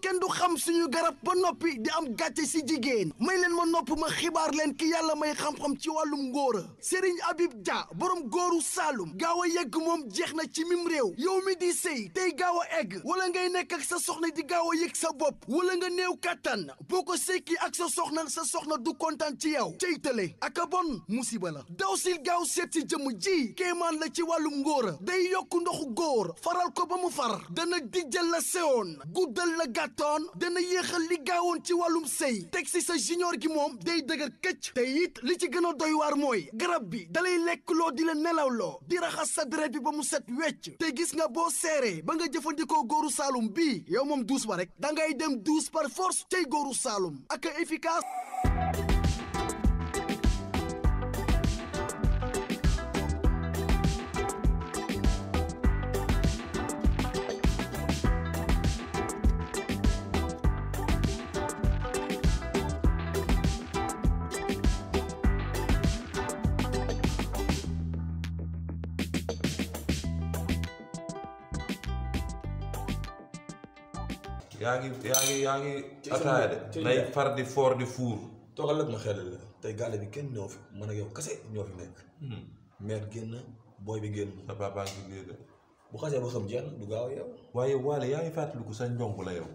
kenn du xam suñu garab ba noppi di am gàcce si jigéen may leen ma nopp ma xibaar leen ki yàlla may xam-xam ci wàllum ngóora Serigne Habib Dia borom góoru Saalum gaaw a yegg moom jeex na ci miim réew yow mi di sëy tey gaaw a egg wala ngay nekk ak sa soxna di gaaw a yëg sa bopp wala nga néew kàttan boo ko sekki ak sa soxna sa soxna du kontaan ci yow ceytale ak a bon musiba la daw si gaaw seet si jëmm ji kéemaan la ci wàllum ngóora day yokk ndoxu góor faral ko ba mu far dana dijjal la kattoon dana yéexal li gaawoon ci wàllum sëy teg si sa junior gi moom day dëgër këcc te it li ci gën a doy waar mooy garab bi dalay lekkloo di la nelawloo di raxas sa deret bi ba mu set wecc te gis nga boo seeree ba nga jëfandikoo góoru saalum bi yow moom douze ba rek da ngay dem douze par force tey góoru saalum ak efficace yaa ngi yaa ngi yaa ngi. ataaya de nay far di foor di fuur. toogal ak ma xelal la tey gàlle bi kenn ñoo fi man ak yow kase ñoo fi nekk. Hmm. meer génn booy bi génn. sa papa ngi génn. bu xasee ba xam jeex du gaaw a waaye waale yaa ngi fàttaliku sa njong la yow.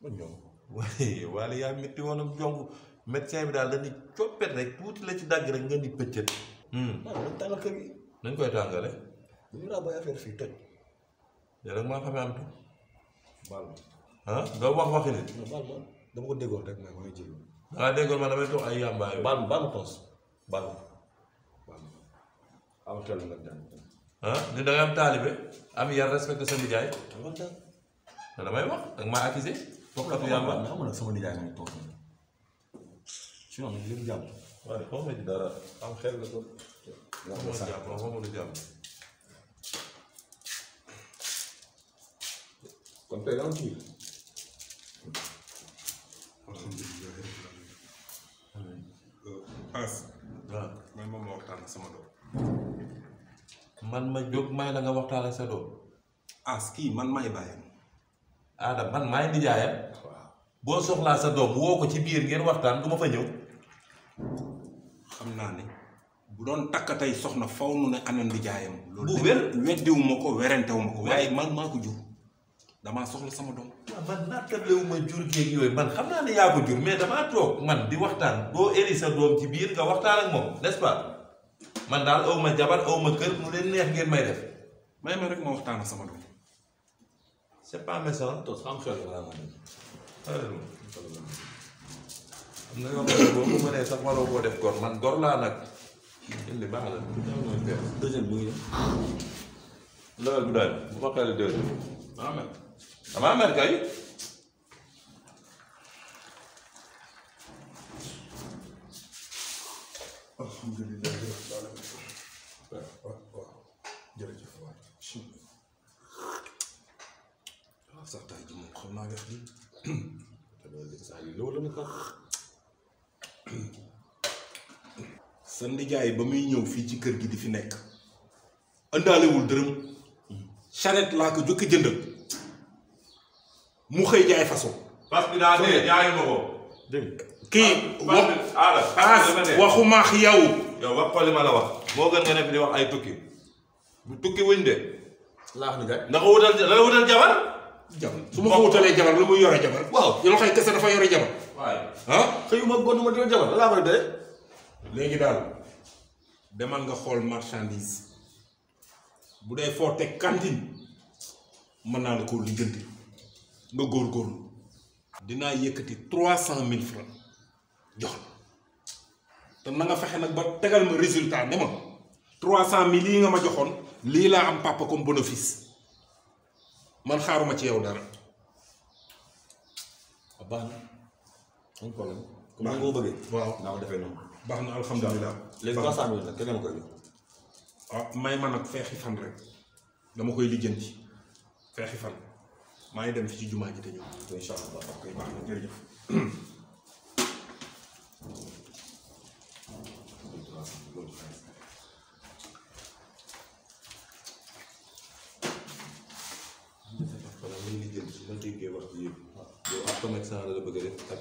man njong waaye waale yaa métti woon ak njong médecin bi daal dañuy coppet rek tuuti la ci dagg rek nga ni pëccët. waaw hmm. ah, nañ tàngal kër nañ koy tàngale. bu ñu laa bàyyi affaire fii toj. yàlla maa xam ne baal ma doo wax waxi nit. non baal ma dama ko déggoon rek man maa ngi jéem. ah déggoon ma damay toog ay yàmbaay. baal ma baal ma toos baal ma baal ma am xel nga jàng. ah ni da nga am taalibe am yar respecté sa nijaay. da damay wax da nga maa accusé. foofu sama jàmm. waaw xaw ma ci dara am xel jàmm. kon tey am tuuti. alhamdulilah. As. ma waxtaan ak sama doom. man ma jóg may la nga waxtaan ak sa doom. As kii man maay bàyyam. Adam man maay nijaayam. waaw boo soxlaa sa doom woo ko ci biir ngeen waxtaan du ma fa ñëw. xam naa ne bu doon takk tey soxna faw nu ne ana nijaayam. bu wér loolu ko werentewu ma ko. waaye man maa ko jur. damaa soxla sama doom. waaw man naatable wu ma jur geeg yooyu man xam naa ne yaa ko jur mais damaa toog man di waxtaan boo eri sa doom ci biir nga waxtaan ak moom nest pas man daal aw ma jabar aw ma kër mu leen neex ngeen may def. may ma rek ma waxtaan ak sama doom. c'est pas méchant. tos am xel am na yoo xam ne boo ko mënee sax waroo koo def gor man gor laa nag. indi baax la. bu ngi def. loolu bu daal bu ma xoolee damaa mer sa ndijaay ba muy ñëw fii ci kër gi di fi nekk ëndaalewul dërëm charette laa ko jëkk jëndal mu xëy jaay façon. fas bi daa dee jaayu ma ko. dégg kii wax as waxuma yow. yow wax ko li ma la wax. moo gën nga ne di wax ay tukki bu tukki wuñ de. laax ni gaaj. na ko wutal la wutal jabar. jabar su ma ko wutalee jabar lu muy yore jabar. waaw yow xëy kese dafa yore jabar. waaye ah xëyuma gonuma di jabar la laa koy dee. léegi daal demal nga xool marchandise bu dee foo cantine mën naa la koo nga góorgóorlu dinaa keti trois cent mille franc jox te na nga fexe nag ba tegal ma résultat ne ma trois cent mille yi nga ma joxoon lii laa am papa comme bénéfice man xaaruma ci yow dara ah, baax na am problème comme nga ko bëggee waaw naa ko defee non baax na alhamdulilah léegi trois cent ma koy ah may ma nag feexi fan rek dama koy lijjanti fan maa ngi dem ci jumaa ji te ñëw incha allah ok bëgg na jërëjëf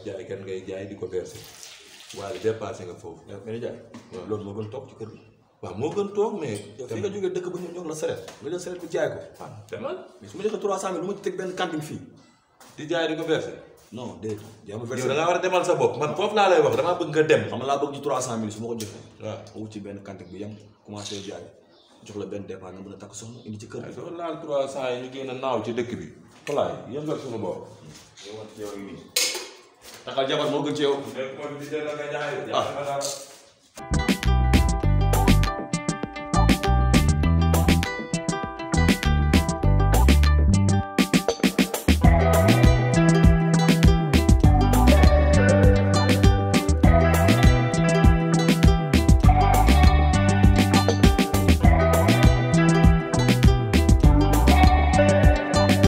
jaay kan ngay jaay di ko verser waaye dépassé nga foofu. yaa ngi koy jaay. waaw loolu moo gën toog ci kër gi. waaw moo gën toog mais yow fi nga jógee dëkk ba ñu ñëw la saret nga jël saret bi jaay ko ah demal mais su ma joxee 300 mille du ma ci teg benn kanting fii di jaay di ko verser non déet jaamu verser da ngaa war a demal sa bopp man foofu laa lay wax damaa bëgg nga dem xam nga laa bëgg ci 300 mille su ma ko joxee waaw wut ci benn kanting bu yem commencé jaay jox la benn départ nga mën a takk soxna indi ci kër bi soo laal 300 yi ñu génn naaw ci dëkk bi falaay yëngal suñu bopp yow ak yow nii takal jabar moo gën ci yow ah